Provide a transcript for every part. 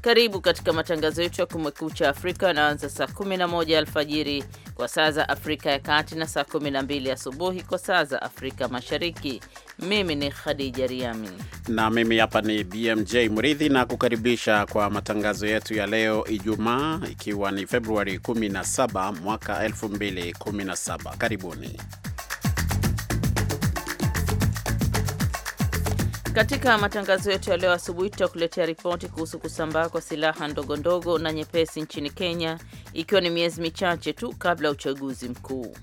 Karibu katika matangazo yetu ya kumekucha Afrika yanaanza saa 11 alfajiri kwa saa za Afrika ya Kati na saa 12 asubuhi kwa saa za Afrika Mashariki. Mimi ni Khadija Riami na mimi hapa ni BMJ Mridhi na kukaribisha kwa matangazo yetu ya leo Ijumaa, ikiwa ni Februari 17 mwaka 2017. Karibuni. Katika matangazo yetu ya leo asubuhi tutakuletea ripoti kuhusu kusambaa kwa silaha ndogo ndogo na nyepesi nchini Kenya, ikiwa ni miezi michache tu kabla ya uchaguzi mkuu.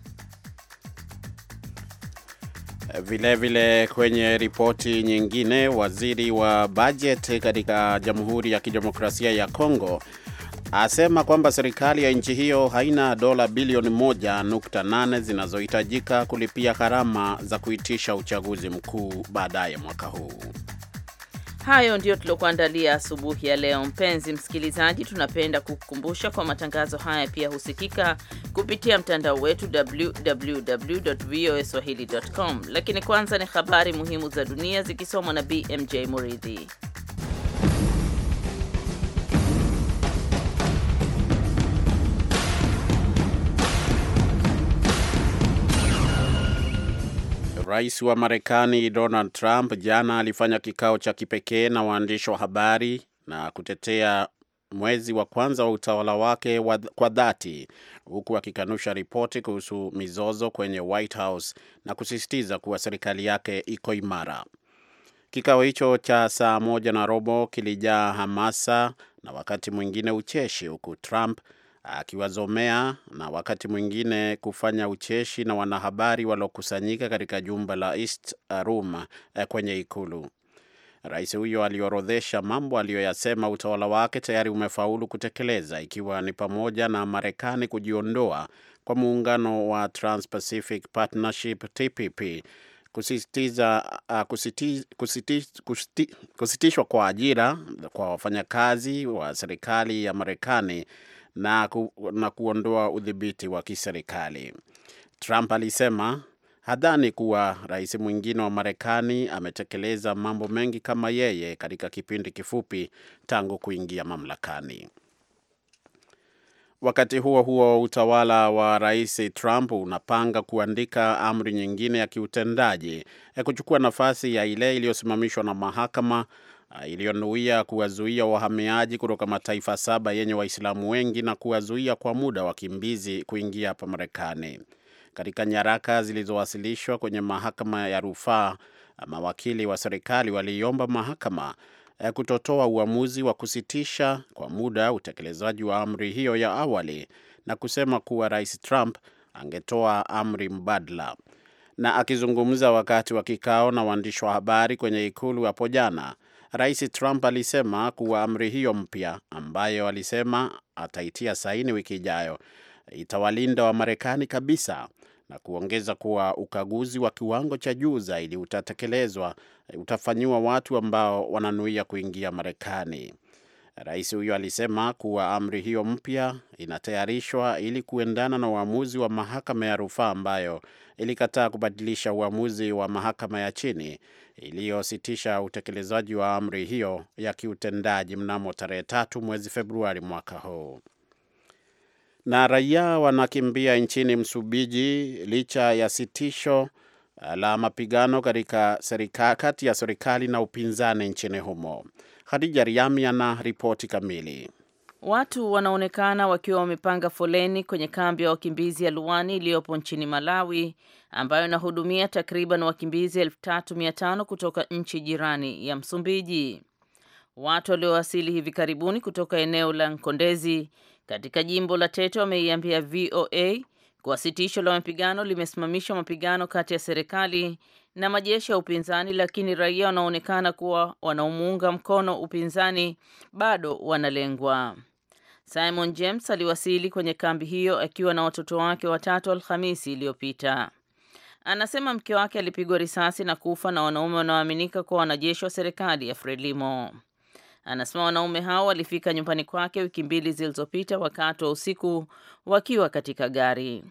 Vilevile vile kwenye ripoti nyingine, waziri wa bajeti katika Jamhuri ya Kidemokrasia ya Kongo asema kwamba serikali ya nchi hiyo haina dola bilioni 1.8 zinazohitajika kulipia gharama za kuitisha uchaguzi mkuu baadaye mwaka huu. Hayo ndiyo tuliokuandalia asubuhi ya leo. Mpenzi msikilizaji, tunapenda kukukumbusha kwa matangazo haya pia husikika kupitia mtandao wetu www voa swahili.com. Lakini kwanza ni habari muhimu za dunia zikisomwa na BMJ Muridhi. Rais wa Marekani Donald Trump jana alifanya kikao cha kipekee na waandishi wa habari na kutetea mwezi wa kwanza wa utawala wake wa kwa dhati huku akikanusha ripoti kuhusu mizozo kwenye White House na kusisitiza kuwa serikali yake iko imara. Kikao hicho cha saa moja na robo kilijaa hamasa na wakati mwingine ucheshi, huku Trump akiwazomea na wakati mwingine kufanya ucheshi na wanahabari waliokusanyika katika jumba la East Room eh, kwenye ikulu. Rais huyo aliorodhesha mambo aliyoyasema utawala wake tayari umefaulu kutekeleza ikiwa ni pamoja na Marekani kujiondoa kwa muungano wa Trans-Pacific Partnership TPP, kusitiza uh, kusitishwa kwa ajira kwa wafanyakazi wa serikali ya Marekani na, ku, na kuondoa udhibiti wa kiserikali. Trump alisema hadhani kuwa rais mwingine wa Marekani ametekeleza mambo mengi kama yeye katika kipindi kifupi tangu kuingia mamlakani. Wakati huo huo, utawala wa rais Trump unapanga kuandika amri nyingine ya kiutendaji ya kuchukua nafasi ya ile iliyosimamishwa na mahakama Ah, iliyonuia kuwazuia wahamiaji kutoka mataifa saba yenye Waislamu wengi na kuwazuia kwa muda wakimbizi kuingia hapa Marekani. Katika nyaraka zilizowasilishwa kwenye mahakama ya rufaa, ah, mawakili wa serikali waliiomba mahakama eh, kutotoa uamuzi wa kusitisha kwa muda utekelezaji wa amri hiyo ya awali na kusema kuwa Rais Trump angetoa amri mbadala. Na akizungumza wakati wa kikao na waandishi wa habari kwenye ikulu hapo jana, Rais Trump alisema kuwa amri hiyo mpya ambayo alisema ataitia saini wiki ijayo itawalinda Wamarekani kabisa na kuongeza kuwa ukaguzi wa kiwango cha juu zaidi utatekelezwa, utafanyiwa watu ambao wananuia kuingia Marekani. Rais huyo alisema kuwa amri hiyo mpya inatayarishwa ili kuendana na uamuzi wa mahakama ya rufaa ambayo ilikataa kubadilisha uamuzi wa mahakama ya chini iliyositisha utekelezaji wa amri hiyo ya kiutendaji mnamo tarehe tatu mwezi Februari mwaka huu. Na raia wanakimbia nchini Msumbiji licha ya sitisho la mapigano katika kati ya serikali na upinzani nchini humo. Khadija Riami ana ripoti kamili. Watu wanaonekana wakiwa wamepanga foleni kwenye kambi ya wakimbizi ya Luwani iliyopo nchini Malawi, ambayo inahudumia takriban wakimbizi 3500 kutoka nchi jirani ya Msumbiji. Watu waliowasili hivi karibuni kutoka eneo la Nkondezi katika jimbo la Tete wameiambia VOA kuwa sitisho la mapigano limesimamisha mapigano kati ya serikali na majeshi ya upinzani, lakini raia wanaonekana kuwa wanaomuunga mkono upinzani bado wanalengwa. Simon James aliwasili kwenye kambi hiyo akiwa na watoto wake watatu Alhamisi iliyopita. Anasema mke wake alipigwa risasi na kufa na wanaume wanaoaminika kuwa wanajeshi wa serikali ya Frelimo. Anasema wanaume hao walifika nyumbani kwake wiki mbili zilizopita wakati wa usiku wakiwa katika gari.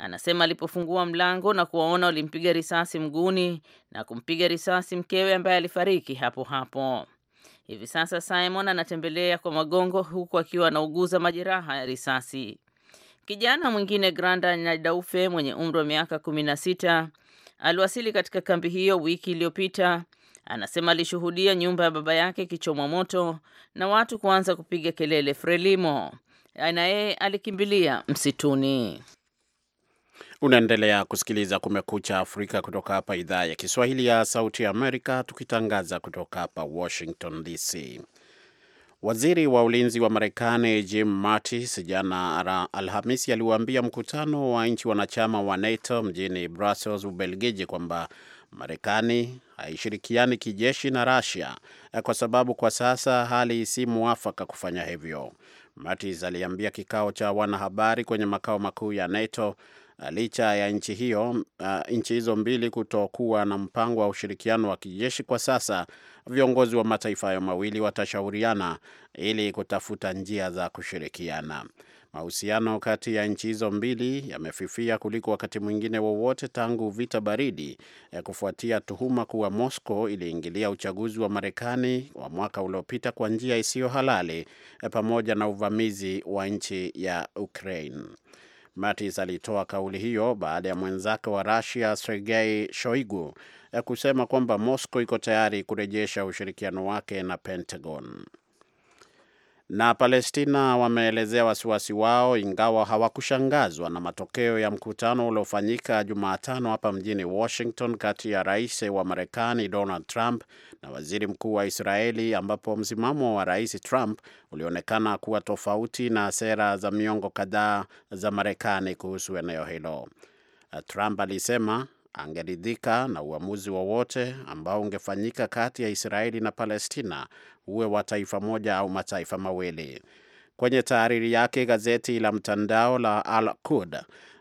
Anasema alipofungua mlango na kuwaona walimpiga risasi mguni na kumpiga risasi mkewe ambaye alifariki hapo hapo. Hivi sasa Simon anatembelea kwa magongo huku akiwa anauguza majeraha ya risasi. Kijana mwingine Granda Nyaidaufe mwenye umri wa miaka kumi na sita aliwasili katika kambi hiyo wiki iliyopita. Anasema alishuhudia nyumba ya baba yake ikichomwa moto na watu kuanza kupiga kelele Frelimo, na yeye alikimbilia msituni. Unaendelea kusikiliza Kumekucha Afrika kutoka hapa idhaa ya Kiswahili ya Sauti ya Amerika, tukitangaza kutoka hapa Washington DC. Waziri wa ulinzi wa Marekani Jim Mattis jana Alhamisi aliwaambia mkutano wa nchi wanachama wa NATO mjini Brussels, Ubelgiji, kwamba Marekani haishirikiani kijeshi na Rasia eh, kwa sababu kwa sasa hali si mwafaka kufanya hivyo. Mattis aliambia kikao cha wanahabari kwenye makao makuu ya NATO Uh, licha ya nchi hiyo uh, nchi hizo mbili kutokuwa na mpango wa ushirikiano wa kijeshi kwa sasa, viongozi wa mataifa hayo mawili watashauriana ili kutafuta njia za kushirikiana. Mahusiano kati ya nchi hizo mbili yamefifia kuliko wakati mwingine wowote tangu vita baridi, eh, kufuatia tuhuma kuwa Moscow iliingilia uchaguzi wa Marekani wa mwaka uliopita kwa njia isiyo halali eh, pamoja na uvamizi wa nchi ya Ukraine. Mattis alitoa kauli hiyo baada ya mwenzake wa Russia Sergei Shoigu ya eh, kusema kwamba Moscow iko tayari kurejesha ushirikiano wake na Pentagon na Palestina wameelezea wasiwasi wao, ingawa hawakushangazwa na matokeo ya mkutano uliofanyika Jumatano hapa mjini Washington kati ya rais wa Marekani Donald Trump na waziri mkuu wa Israeli, ambapo msimamo wa rais Trump ulionekana kuwa tofauti na sera za miongo kadhaa za Marekani kuhusu eneo hilo. Trump alisema angeridhika na uamuzi wowote ambao ungefanyika kati ya Israeli na Palestina, uwe wa taifa moja au mataifa mawili. Kwenye taariri yake, gazeti la mtandao la Al Kud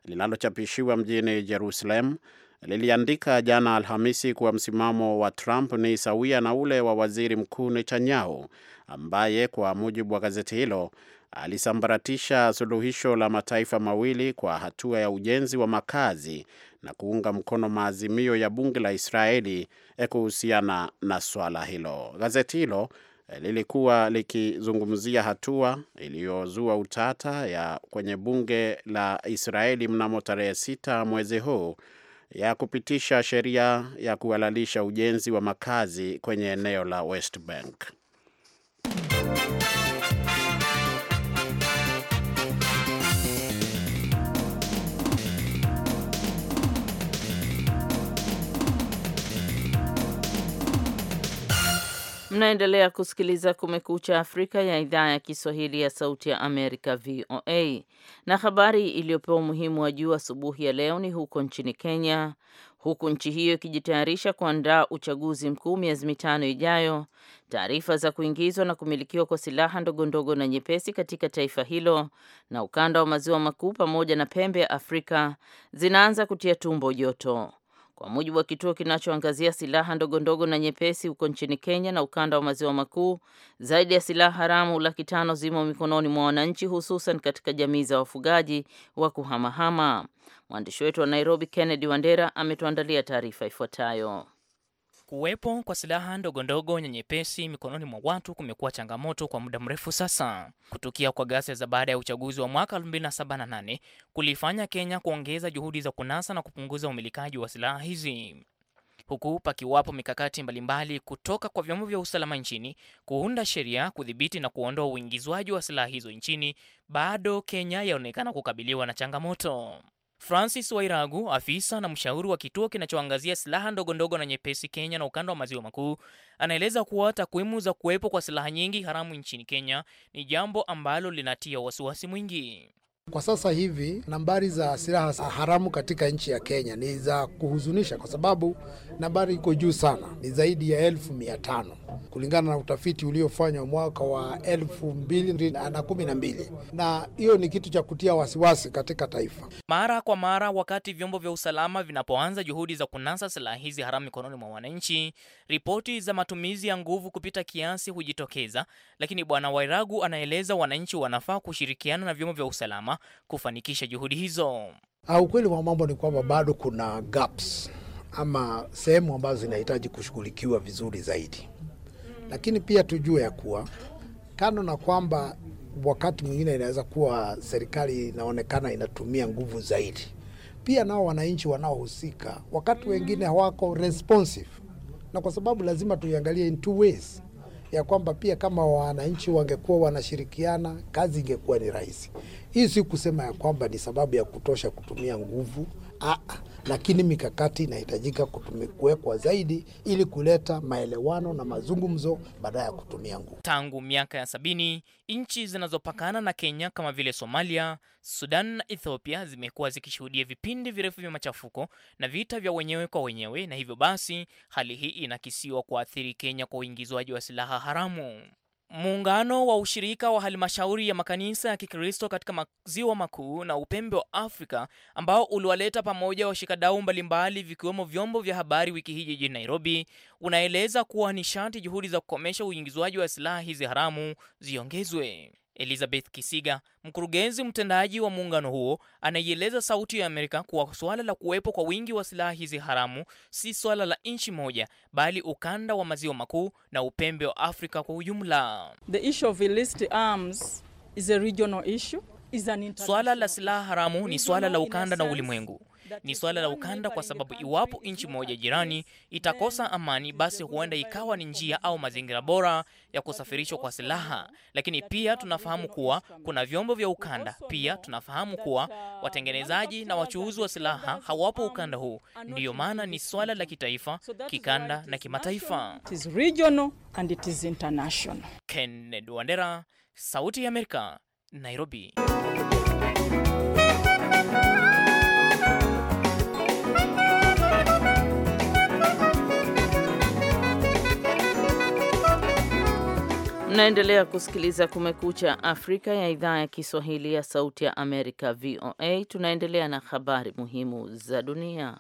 linalochapishiwa mjini Jerusalem liliandika jana Alhamisi kuwa msimamo wa Trump ni sawia na ule wa waziri mkuu Netanyahu, ambaye kwa mujibu wa gazeti hilo alisambaratisha suluhisho la mataifa mawili kwa hatua ya ujenzi wa makazi na kuunga mkono maazimio ya bunge la Israeli eh, kuhusiana na swala hilo. Gazeti hilo eh, lilikuwa likizungumzia hatua iliyozua utata ya kwenye bunge la Israeli mnamo tarehe sita mwezi huu ya kupitisha sheria ya kuhalalisha ujenzi wa makazi kwenye eneo la West Bank. Mnaendelea kusikiliza Kumekucha Afrika ya idhaa ya Kiswahili ya Sauti ya Amerika, VOA. Na habari iliyopewa umuhimu wa juu asubuhi ya leo ni huko nchini Kenya, huku nchi hiyo ikijitayarisha kuandaa uchaguzi mkuu miezi mitano ijayo. Taarifa za kuingizwa na kumilikiwa kwa silaha ndogondogo na nyepesi katika taifa hilo na ukanda wa maziwa makuu pamoja na pembe ya Afrika zinaanza kutia tumbo joto. Kwa mujibu wa kituo kinachoangazia silaha ndogondogo na nyepesi huko nchini Kenya na ukanda wa maziwa makuu, zaidi ya silaha haramu laki tano zimo mikononi mwa wananchi, hususan katika jamii za wafugaji wa kuhamahama. Mwandishi wetu wa Nairobi, Kennedy Wandera, ametuandalia taarifa ifuatayo. Kuwepo kwa silaha ndogo ndogo ndogondogo nyepesi mikononi mwa watu kumekuwa changamoto kwa muda mrefu sasa. Kutukia kwa ghasia za baada ya uchaguzi wa mwaka 2078 kulifanya Kenya kuongeza juhudi za kunasa na kupunguza umilikaji wa silaha hizi, huku pakiwapo mikakati mbalimbali kutoka kwa vyombo vya usalama nchini kuunda sheria, kudhibiti na kuondoa uingizwaji wa silaha hizo nchini, bado Kenya yaonekana kukabiliwa na changamoto. Francis Wairagu, afisa na mshauri wa kituo kinachoangazia silaha ndogondogo na nyepesi Kenya na ukanda wa maziwa makuu, anaeleza kuwa takwimu za kuwepo kwa silaha nyingi haramu nchini Kenya ni jambo ambalo linatia wasiwasi mwingi. Kwa sasa hivi nambari za silaha haramu katika nchi ya Kenya ni za kuhuzunisha, kwa sababu nambari iko juu sana, ni zaidi ya elfu mia tano kulingana na utafiti uliofanywa mwaka wa elfu mbili na kumi na mbili, na hiyo ni kitu cha kutia wasiwasi katika taifa. Mara kwa mara, wakati vyombo vya usalama vinapoanza juhudi za kunasa silaha hizi haramu mikononi mwa wananchi, ripoti za matumizi ya nguvu kupita kiasi hujitokeza, lakini Bwana Wairagu anaeleza wananchi wanafaa kushirikiana na vyombo vya usalama kufanikisha juhudi hizo. Ah, ukweli wa mambo ni kwamba bado kuna gaps ama sehemu ambazo zinahitaji kushughulikiwa vizuri zaidi, lakini pia tujue ya kuwa kando na kwamba wakati mwingine inaweza kuwa serikali inaonekana inatumia nguvu zaidi, pia nao wananchi wanaohusika wakati wengine hawako responsive, na kwa sababu lazima tuiangalie in two ways ya kwamba pia kama wananchi wangekuwa wanashirikiana kazi ingekuwa ni rahisi. Hii si kusema ya kwamba ni sababu ya kutosha kutumia nguvu. ah. ah lakini mikakati inahitajika kuwekwa zaidi ili kuleta maelewano na mazungumzo baada ya kutumia nguvu. Tangu miaka ya sabini, nchi zinazopakana na Kenya kama vile Somalia, Sudan na Ethiopia zimekuwa zikishuhudia vipindi virefu vya machafuko na vita vya wenyewe kwa wenyewe, na hivyo basi hali hii inakisiwa kuathiri Kenya kwa uingizwaji wa silaha haramu. Muungano wa ushirika wa halmashauri ya makanisa ya Kikristo katika maziwa makuu na upembe wa Afrika ambao uliwaleta pamoja washikadau mbalimbali vikiwemo vyombo vya habari wiki hii jijini Nairobi unaeleza kuwa ni sharti juhudi za kukomesha uingizwaji wa silaha hizi haramu ziongezwe. Elizabeth Kisiga, mkurugenzi mtendaji wa muungano huo, anaieleza Sauti ya Amerika kuwa suala la kuwepo kwa wingi wa silaha hizi haramu si suala la nchi moja, bali ukanda wa maziwa makuu na upembe wa Afrika kwa ujumla. Suala la silaha haramu ni suala la ukanda na ulimwengu ni suala la ukanda, kwa sababu iwapo nchi moja jirani itakosa amani, basi huenda ikawa ni njia au mazingira bora ya kusafirishwa kwa silaha. Lakini pia tunafahamu kuwa kuna vyombo vya ukanda. Pia tunafahamu kuwa uh, watengenezaji na wachuuzi wa silaha hawapo ukanda huu. Ndiyo maana ni swala la kitaifa, kikanda na kimataifa. Kennedy Wandera, Sauti ya Amerika, Nairobi. Mnaendelea kusikiliza Kumekucha Afrika ya idhaa ya Kiswahili ya Sauti ya Amerika, VOA. Tunaendelea na habari muhimu za dunia.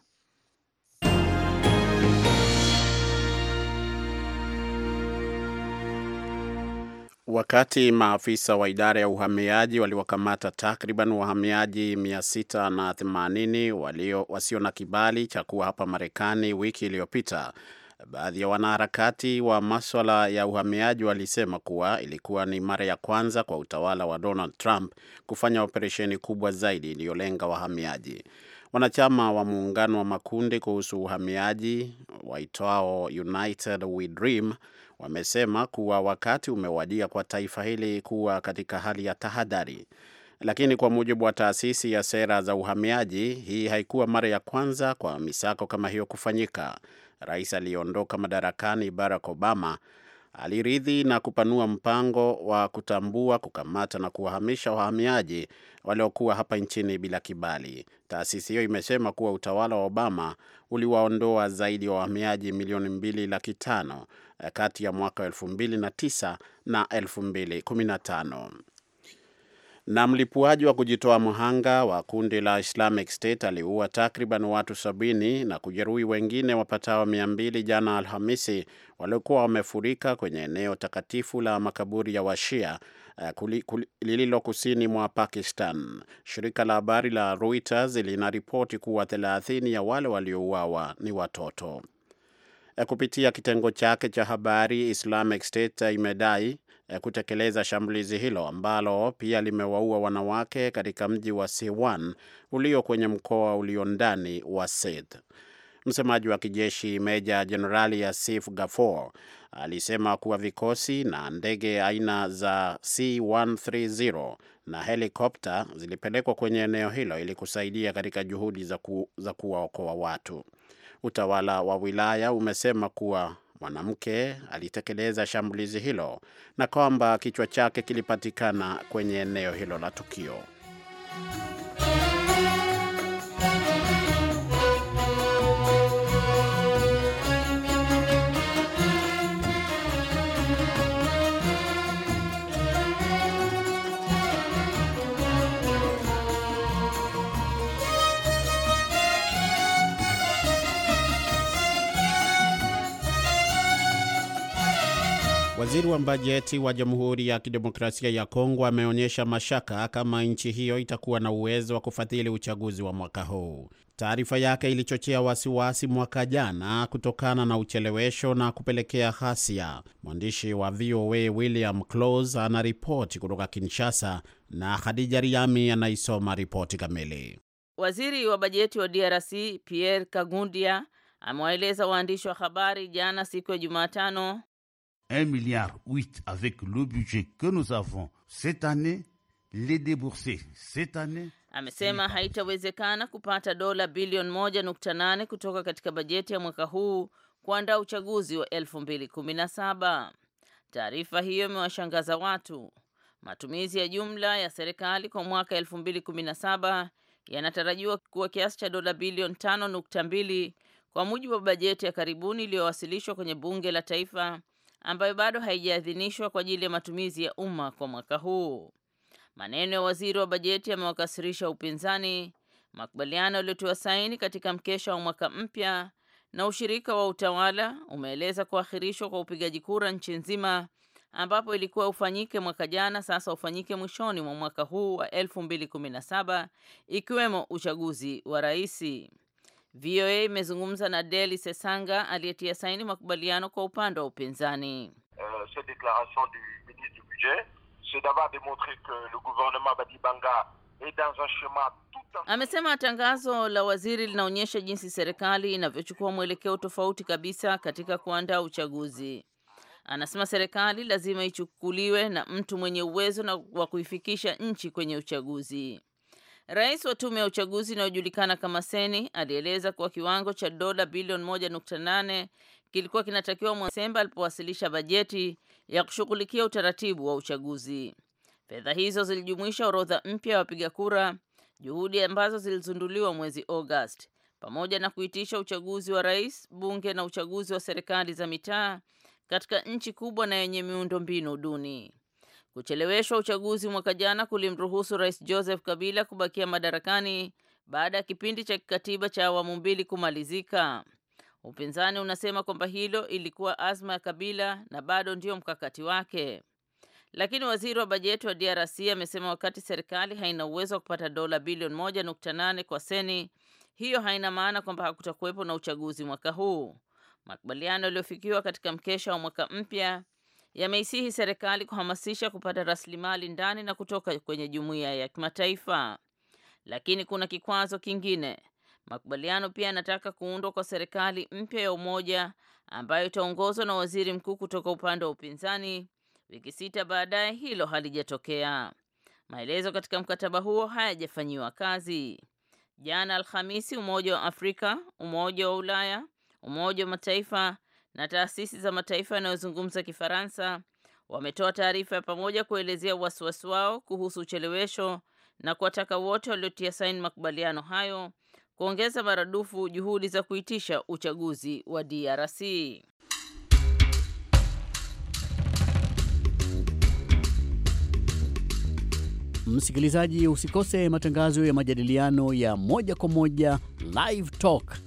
Wakati maafisa wa idara ya uhamiaji waliwakamata takriban wahamiaji 680 walio wasio na kibali cha kuwa hapa Marekani wiki iliyopita Baadhi ya wanaharakati wa maswala ya uhamiaji walisema kuwa ilikuwa ni mara ya kwanza kwa utawala wa Donald Trump kufanya operesheni kubwa zaidi iliyolenga wahamiaji. Wanachama wa muungano wa makundi kuhusu uhamiaji waitwao United We Dream wamesema kuwa wakati umewadia kwa taifa hili kuwa katika hali ya tahadhari. Lakini kwa mujibu wa taasisi ya sera za uhamiaji, hii haikuwa mara ya kwanza kwa misako kama hiyo kufanyika. Rais aliyeondoka madarakani Barack Obama aliridhi na kupanua mpango wa kutambua, kukamata na kuwahamisha wahamiaji waliokuwa hapa nchini bila kibali. Taasisi hiyo imesema kuwa utawala wa Obama uliwaondoa zaidi ya wahamiaji milioni mbili laki tano eh, kati ya mwaka elfu mbili na tisa na elfu mbili kumi na tano. Na mlipuaji wa kujitoa mhanga wa kundi la Islamic State aliua takriban watu sabini na kujeruhi wengine wapatao mia mbili jana Alhamisi waliokuwa wamefurika kwenye eneo takatifu la makaburi ya Washia eh, lililo kusini mwa Pakistan. Shirika la habari la Reuters linaripoti kuwa thelathini ya wale waliouawa ni watoto. Eh, kupitia kitengo chake cha habari, Islamic State imedai Eh, kutekeleza shambulizi hilo ambalo pia limewaua wanawake katika mji wa Siwan ulio kwenye mkoa ulio ndani wa Sindh. Msemaji wa kijeshi Meja Jenerali Asif Gafor alisema kuwa vikosi na ndege aina za C130 na helikopta zilipelekwa kwenye eneo hilo ili kusaidia katika juhudi za, ku, za kuwaokoa watu. Utawala wa wilaya umesema kuwa mwanamke alitekeleza shambulizi hilo na kwamba kichwa chake kilipatikana kwenye eneo hilo la tukio. Waziri wa bajeti wa Jamhuri ya Kidemokrasia ya Kongo ameonyesha mashaka kama nchi hiyo itakuwa na uwezo wa kufadhili uchaguzi wa mwaka huu. Taarifa yake ilichochea wasiwasi mwaka jana kutokana na uchelewesho na kupelekea ghasia. Mwandishi wa VOA William Close anaripoti kutoka Kinshasa na Khadija Riami anaisoma ripoti kamili. Waziri wa bajeti wa DRC Pierre Kagundia amewaeleza waandishi wa habari jana siku ya Jumatano 1 milliard 8 avec le budget que nous avons cette année, les débourser cette année. Amesema haitawezekana kupata dola bilioni 1.8 kutoka katika bajeti ya mwaka huu kuandaa uchaguzi wa 2017. Taarifa hiyo imewashangaza watu. Matumizi ya jumla ya serikali kwa mwaka 2017 yanatarajiwa kuwa kiasi cha dola bilioni 5.2 kwa mujibu wa bajeti ya karibuni iliyowasilishwa kwenye bunge la taifa ambayo bado haijaidhinishwa kwa ajili ya matumizi ya umma kwa mwaka huu. Maneno ya waziri wa bajeti yamewakasirisha upinzani. Makubaliano yaliyotiwa saini katika mkesha wa mwaka mpya na ushirika wa utawala umeeleza kuahirishwa kwa upigaji kura nchi nzima ambapo ilikuwa ufanyike mwaka jana, sasa ufanyike mwishoni mwa mwaka huu wa 2017 ikiwemo uchaguzi wa raisi VOA imezungumza na Deli Sesanga aliyetia saini makubaliano kwa upande wa upinzani. Euh, Amesema tangazo la waziri linaonyesha jinsi serikali inavyochukua mwelekeo tofauti kabisa katika kuandaa uchaguzi. Anasema serikali lazima ichukuliwe na mtu mwenye uwezo na wa kuifikisha nchi kwenye uchaguzi. Rais wa tume ya uchaguzi inayojulikana kama Seni alieleza kuwa kiwango cha dola bilioni 1.8 kilikuwa kinatakiwa mwasemba alipowasilisha bajeti ya kushughulikia utaratibu wa uchaguzi. Fedha hizo zilijumuisha orodha mpya ya wapiga kura, juhudi ambazo zilizunduliwa mwezi August, pamoja na kuitisha uchaguzi wa rais, bunge na uchaguzi wa serikali za mitaa katika nchi kubwa na yenye miundo mbinu duni. Kucheleweshwa uchaguzi mwaka jana kulimruhusu Rais Joseph Kabila kubakia madarakani baada ya kipindi cha kikatiba cha awamu mbili kumalizika. Upinzani unasema kwamba hilo ilikuwa azma ya Kabila na bado ndio mkakati wake. Lakini waziri wa bajeti wa DRC amesema wakati serikali haina uwezo wa kupata dola bilioni moja nukta nane kwa seni, hiyo haina maana kwamba hakutakuwepo na uchaguzi mwaka huu. Makubaliano yaliyofikiwa katika mkesha wa mwaka mpya yameisihi serikali kuhamasisha kupata rasilimali ndani na kutoka kwenye jumuiya ya kimataifa. Lakini kuna kikwazo kingine. Makubaliano pia yanataka kuundwa kwa serikali mpya ya umoja ambayo itaongozwa na waziri mkuu kutoka upande wa upinzani. Wiki sita baadaye hilo halijatokea. Maelezo katika mkataba huo hayajafanyiwa kazi. Jana Alhamisi, Umoja wa Afrika, Umoja wa Ulaya, Umoja wa Mataifa na taasisi za mataifa yanayozungumza Kifaransa wametoa taarifa ya pamoja kuelezea wasiwasi wao kuhusu uchelewesho na kuwataka wote waliotia saini makubaliano hayo kuongeza maradufu juhudi za kuitisha uchaguzi wa DRC. Msikilizaji, usikose matangazo ya majadiliano ya moja kwa moja Live Talk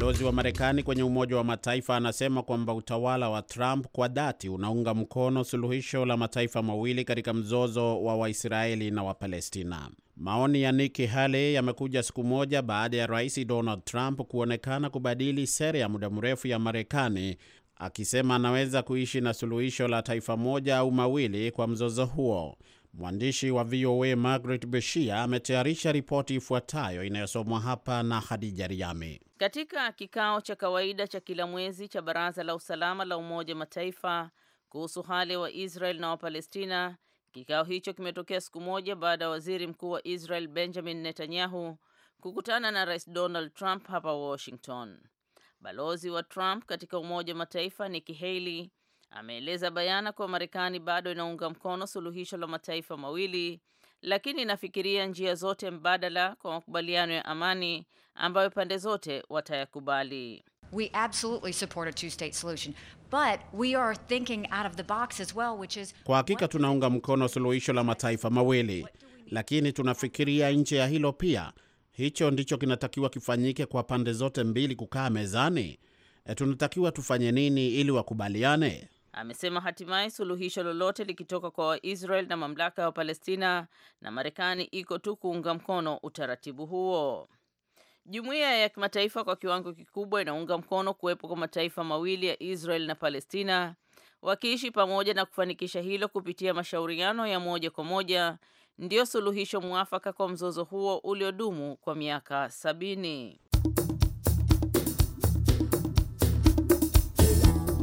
Balozi wa Marekani kwenye Umoja wa Mataifa anasema kwamba utawala wa Trump kwa dhati unaunga mkono suluhisho la mataifa mawili katika mzozo wa Waisraeli na Wapalestina. Maoni ya Nikki Haley yamekuja siku moja baada ya Rais Donald Trump kuonekana kubadili sera ya muda mrefu ya Marekani akisema anaweza kuishi na suluhisho la taifa moja au mawili kwa mzozo huo. Mwandishi wa VOA Margaret Beshia ametayarisha ripoti ifuatayo inayosomwa hapa na Hadija Riami. Katika kikao cha kawaida cha kila mwezi cha Baraza la Usalama la Umoja Mataifa kuhusu hali wa Israel na Wapalestina, kikao hicho kimetokea siku moja baada ya Waziri Mkuu wa Israel Benjamin Netanyahu kukutana na Rais Donald Trump hapa Washington. Balozi wa Trump katika Umoja Mataifa Nikki Haley ameeleza bayana kuwa Marekani bado inaunga mkono suluhisho la mataifa mawili lakini inafikiria njia zote mbadala kwa makubaliano ya amani ambayo pande zote watayakubali. We absolutely support a two-state solution, but we are thinking out of the box as well, which is... Kwa hakika tunaunga mkono suluhisho la mataifa mawili, lakini tunafikiria nje ya hilo pia. Hicho ndicho kinatakiwa kifanyike kwa pande zote mbili kukaa mezani. E, tunatakiwa tufanye nini ili wakubaliane? amesema hatimaye suluhisho lolote likitoka kwa Waisrael na mamlaka ya wa Palestina na Marekani iko tu kuunga mkono utaratibu huo. Jumuiya ya kimataifa kwa kiwango kikubwa inaunga mkono kuwepo kwa mataifa mawili ya Israel na Palestina wakiishi pamoja na kufanikisha hilo kupitia mashauriano ya moja kwa moja ndiyo suluhisho mwafaka kwa mzozo huo uliodumu kwa miaka sabini.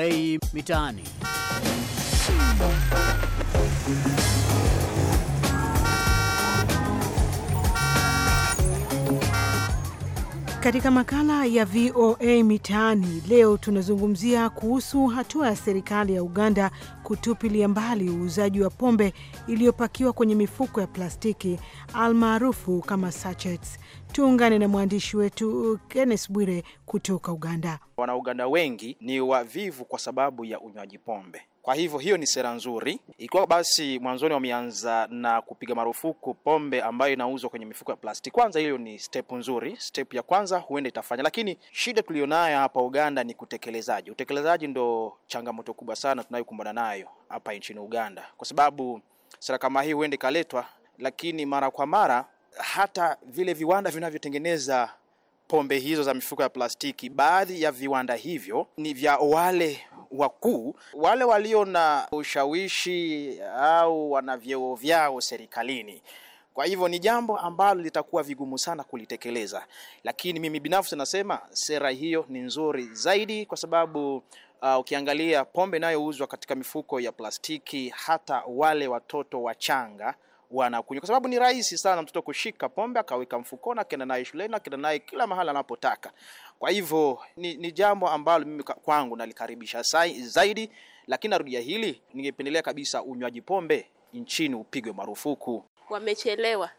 VOA Mitaani. Katika makala ya VOA Mitaani leo tunazungumzia kuhusu hatua ya serikali ya Uganda kutupilia mbali uuzaji wa pombe iliyopakiwa kwenye mifuko ya plastiki almaarufu kama sachets. Tuungane na mwandishi wetu uh, Kenneth Bwire kutoka Uganda. Wanauganda wengi ni wavivu kwa sababu ya unywaji pombe. Kwa hivyo hiyo ni sera nzuri. Ikiwa basi mwanzoni wameanza na kupiga marufuku pombe ambayo inauzwa kwenye mifuko ya plastiki, kwanza hiyo ni step nzuri, step ya kwanza huenda itafanya, lakini shida tuliyonayo hapa Uganda ni kutekelezaji. Utekelezaji ndo changamoto kubwa sana tunayokumbana nayo hapa nchini Uganda, kwa sababu sera kama hii huenda ikaletwa, lakini mara kwa mara hata vile viwanda vinavyotengeneza pombe hizo za mifuko ya plastiki, baadhi ya viwanda hivyo ni vya wale wakuu, wale walio na ushawishi au wana vyeo vyao serikalini. Kwa hivyo ni jambo ambalo litakuwa vigumu sana kulitekeleza, lakini mimi binafsi nasema sera hiyo ni nzuri zaidi kwa sababu Uh, ukiangalia pombe inayouzwa katika mifuko ya plastiki, hata wale watoto wachanga wanakunywa, kwa sababu ni rahisi sana mtoto kushika pombe akaweka mfukoni, akaenda naye shuleni, akaenda naye kila mahali anapotaka. Kwa hivyo ni, ni jambo ambalo mimi kwangu nalikaribisha zaidi, lakini narudia hili, ningependelea kabisa unywaji pombe nchini upigwe marufuku. Wamechelewa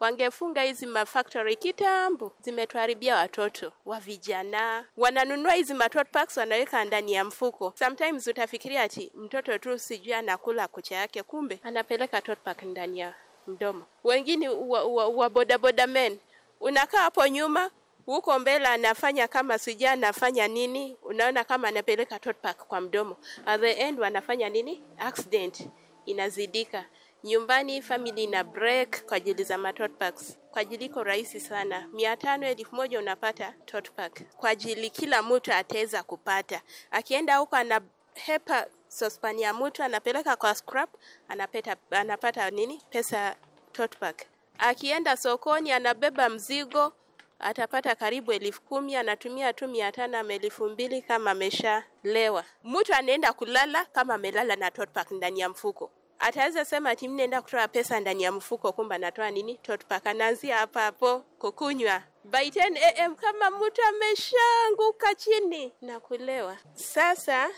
wangefunga hizi mafactory kitambo, zimetuharibia watoto wa vijana. Wananunua hizi matot packs wanaweka ndani ya mfuko. Sometimes utafikiria ati mtoto tu sijui anakula kucha yake, kumbe anapeleka tot pack ndani ya mdomo. Wengine wa, wa, wa boda men, unakaa hapo nyuma huko mbele anafanya kama sijui anafanya nini, unaona kama anapeleka tot pack kwa mdomo. At the end wanafanya nini? Accident inazidika nyumbani, family na break kwa ajili za matot packs. Kwa ajili iko rahisi sana, mia tano elfu moja unapata tot pack kwa ajili kila mtu ataweza kupata. Akienda huko ana hepa sospani ya mtu anapeleka kwa scrap, anapeta, anapata nini pesa tot pack. Akienda sokoni anabeba mzigo atapata karibu elfu kumi anatumia tu mia tano ama elfu mbili kama ameshalewa. Mtu anaenda kulala kama amelala na totpak ndani ya mfuko ataweza sema ati mnaenda kutoa pesa ndani ya mfuko, kumba anatoa nini? Totpaka. nanzia hapa hapo kukunywa by 10 am kama mtu ameshanguka chini na kulewa. Sasa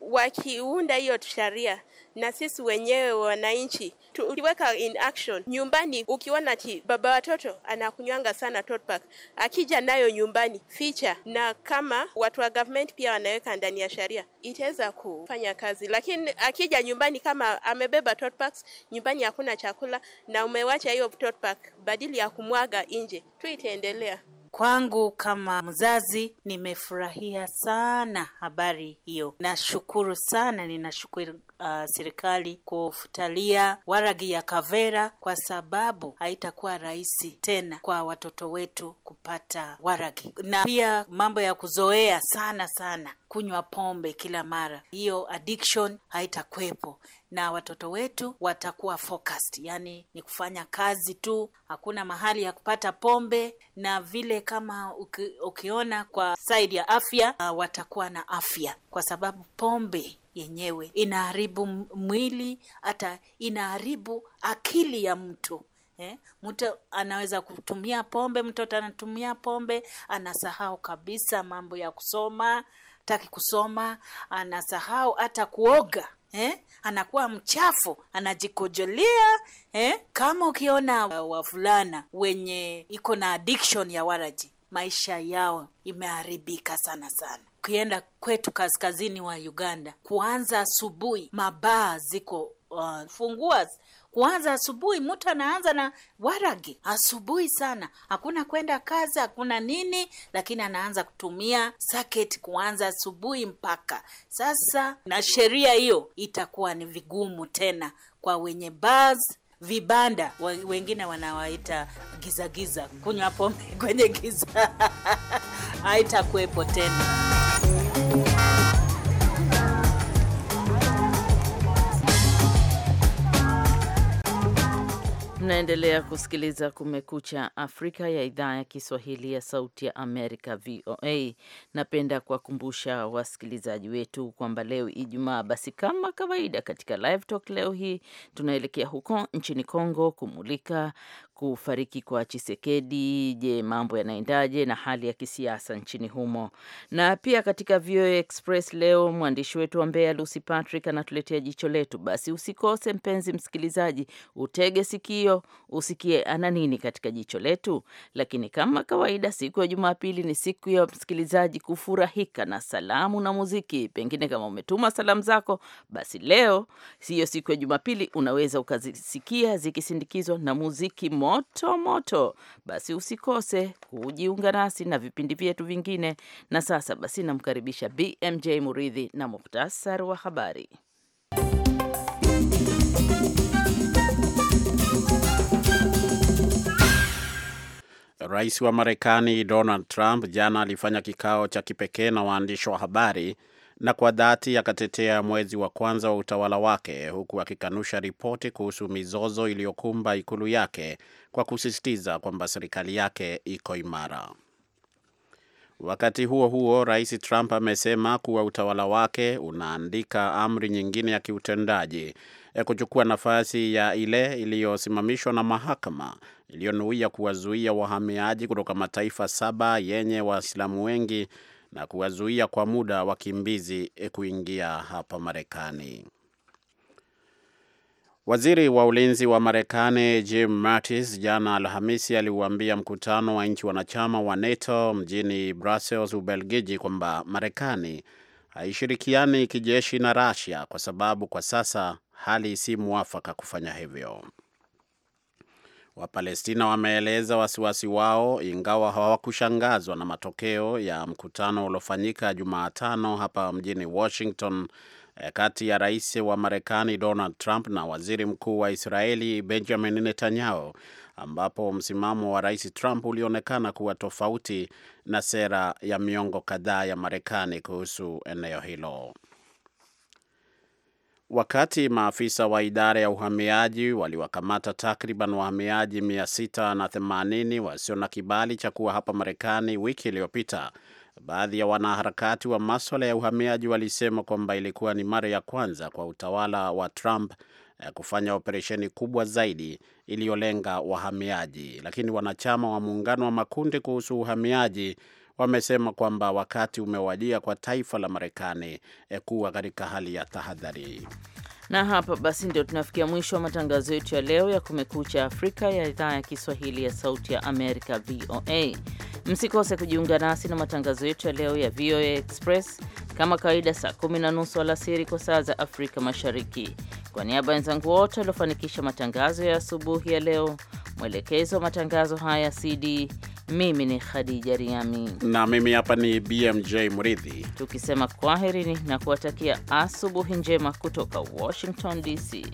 wakiunda hiyo sharia na sisi wenyewe wananchi tukiweka in action nyumbani, ukiona ati baba watoto anakunywanga sana Totpack, akija nayo nyumbani ficha, na kama watu wa government pia wanaweka ndani ya sheria, itaweza kufanya kazi. Lakini akija nyumbani kama amebeba Totpacks, nyumbani hakuna chakula na umewacha hiyo Totpack badili ya kumwaga nje tu, itaendelea. Kwangu kama mzazi nimefurahia sana habari hiyo. Nashukuru sana, ninashukuru uh, serikali kufutalia waragi ya kavera, kwa sababu haitakuwa rahisi tena kwa watoto wetu kupata waragi, na pia mambo ya kuzoea sana sana kunywa pombe kila mara, hiyo addiction haitakwepo na watoto wetu watakuwa focused, yani ni kufanya kazi tu, hakuna mahali ya kupata pombe. Na vile kama uki, ukiona kwa side ya afya uh, watakuwa na afya kwa sababu pombe yenyewe inaharibu mwili, hata inaharibu akili ya mtu. Eh, mtu anaweza kutumia pombe, mtoto anatumia pombe, anasahau kabisa mambo ya kusoma hataki kusoma, anasahau hata kuoga eh? Anakuwa mchafu, anajikojolea eh? Kama ukiona wavulana wenye iko na addiction ya waraji, maisha yao imeharibika sana sana. Ukienda kwetu kaskazini wa Uganda, kuanza asubuhi mabaa ziko uh, funguas kwanza asubuhi. Mtu anaanza na waragi asubuhi sana, hakuna kwenda kazi, hakuna nini, lakini anaanza kutumia saketi kuanza asubuhi mpaka sasa, na sheria hiyo itakuwa ni vigumu tena kwa wenye bas vibanda wengine wanawaita gizagiza, kunywa pombe kwenye giza haitakuwepo tena. Mnaendelea kusikiliza Kumekucha Afrika ya idhaa ya Kiswahili ya Sauti ya Amerika, VOA. Napenda kuwakumbusha wasikilizaji wetu kwamba leo Ijumaa, basi kama kawaida katika Live Talk leo hii tunaelekea huko nchini congo kumulika kufariki kwa Chisekedi. Je, mambo yanaendaje na hali ya kisiasa nchini humo? Na pia katika VOA Express leo mwandishi wetu wa Mbeya Lucy Patrick anatuletea jicho letu. Basi usikose mpenzi msikilizaji, utege sikio usikie ana nini katika jicho letu. Lakini kama kawaida, siku ya Jumapili ni siku ya msikilizaji kufurahika na salamu na muziki. Pengine kama umetuma salamu zako, basi leo siyo siku ya Jumapili, unaweza ukazisikia zikisindikizwa na muziki mo moto moto, basi usikose kujiunga nasi na vipindi vyetu vingine. Na sasa basi, namkaribisha BMJ Muridhi na muhtasari wa habari. Rais wa Marekani Donald Trump jana alifanya kikao cha kipekee na waandishi wa habari na kwa dhati akatetea mwezi wa kwanza wa utawala wake huku akikanusha ripoti kuhusu mizozo iliyokumba ikulu yake kwa kusisitiza kwamba serikali yake iko imara. Wakati huo huo, Rais Trump amesema kuwa utawala wake unaandika amri nyingine ya kiutendaji ya eh, kuchukua nafasi ya ile iliyosimamishwa na mahakama iliyonuia kuwazuia wahamiaji kutoka mataifa saba yenye Waislamu wengi na kuwazuia kwa muda wakimbizi eh, kuingia hapa Marekani. Waziri wa ulinzi wa Marekani Jim Mattis jana Alhamisi aliuambia mkutano wa nchi wanachama wa NATO mjini Brussels, Ubelgiji, kwamba Marekani haishirikiani kijeshi na Russia kwa sababu kwa sasa hali si mwafaka kufanya hivyo. Wapalestina wameeleza wasiwasi wao, ingawa hawakushangazwa na matokeo ya mkutano uliofanyika Jumatano hapa mjini Washington eh, kati ya rais wa Marekani Donald Trump na waziri mkuu wa Israeli Benjamin Netanyahu, ambapo msimamo wa rais Trump ulionekana kuwa tofauti na sera ya miongo kadhaa ya Marekani kuhusu eneo hilo. Wakati maafisa wa idara ya uhamiaji waliwakamata takriban wahamiaji 680 wasio na kibali cha kuwa hapa Marekani wiki iliyopita, baadhi ya wanaharakati wa maswala ya uhamiaji walisema kwamba ilikuwa ni mara ya kwanza kwa utawala wa Trump eh, kufanya operesheni kubwa zaidi iliyolenga wahamiaji. Lakini wanachama wa muungano wa makundi kuhusu uhamiaji wamesema kwamba wakati umewadia kwa taifa la Marekani eh, kuwa katika hali ya tahadhari. Na hapa basi ndio tunafikia mwisho wa matangazo yetu ya leo ya Kumekucha Afrika ya idhaa ya Kiswahili ya Sauti ya Amerika, VOA. Msikose kujiunga nasi na matangazo yetu ya leo ya VOA Express kama kawaida, saa kumi na nusu alasiri kwa saa za Afrika Mashariki. Kwa niaba ya wenzangu wote waliofanikisha matangazo ya asubuhi ya leo, mwelekezo wa matangazo haya CD mimi ni Khadija Riami na mimi hapa ni BMJ Mridhi, tukisema kwaherini na kuwatakia asubuhi njema kutoka Washington DC.